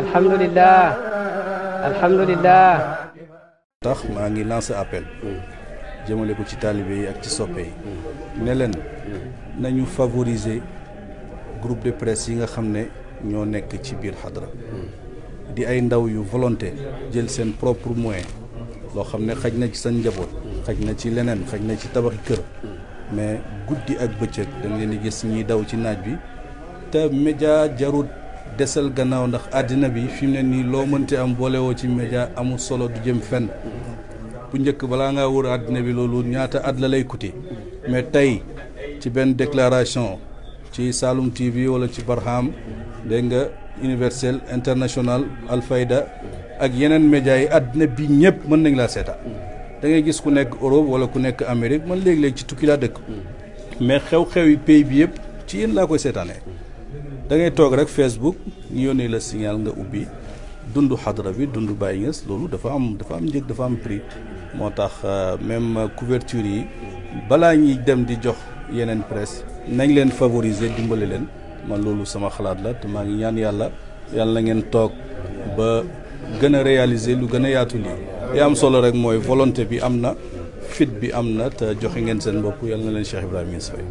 alhamdulilah alhamdulilah tax maa ngi lancé appel ko ci taalibe yi ak ci soppe yi ne leen nañu favorisé groupe de presse yi nga xam ne ñoo nekk ci biir xadra di ay ndaw yu volonte jël seen propre moyen loo xam ne xaj na ci seen njaboot xaj na ci leneen xaj na ci tabaxi kër mais guddi ak bëccëg da ngeen di gis ñuy daw ci naaj bi te média jarut desal gannaaw ndax àddina bi fi mu ne nii loo mënti am boolewoo ci média amul solo du jëm fen bu njëkk balaa nga wër àddina bi loolu ñaata at la lay coûter mais tey ci benn déclaration ci Saloum TV wala ci Barham dégg nga universel international Alfayda ak yeneen média yi àddina bi ñëpp mën nañ laa seetaan da ngay gis ku nekk Europe wala ku nekk Amérique man léegi-léegi ci tukki laa dëkk mais xew-xew yi pays bi yëpp ci yéen laa koy seetaanee dangay toog rek Facebook ñu yónnee la signal nga ubbi dundu xadra bi dund Baye Niass loolu dafa am dafa am njëg dafa am prix moo tax euh, même couverture yi balaa ñuy dem di jox yeneen presse nañ leen favoriser dimbale leen man loolu sama xalaat la te maa ngi ñaan yàlla yàlla na ngeen toog ba gën a réaliser lu gën a yaatu li am solo rek mooy volonté bi am na fit bi am na te joxe ngeen seen bopp yal na leen Cheikh Ibrahima Niass Faye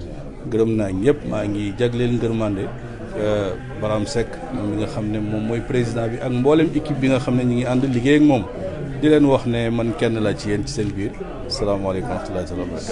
gërëm naa ñëpp maa ngi jagleel ngërmande euh, Baram Seck moom mi nga xam ne moom mooy président bi ak mboolem équipe bi nga xam ne ñu ngi ànd liggéey ak moom di leen wax ne man kenn laa ci yéen ci seen biir salaamaaleykum wa rahmatullahi wa barakatu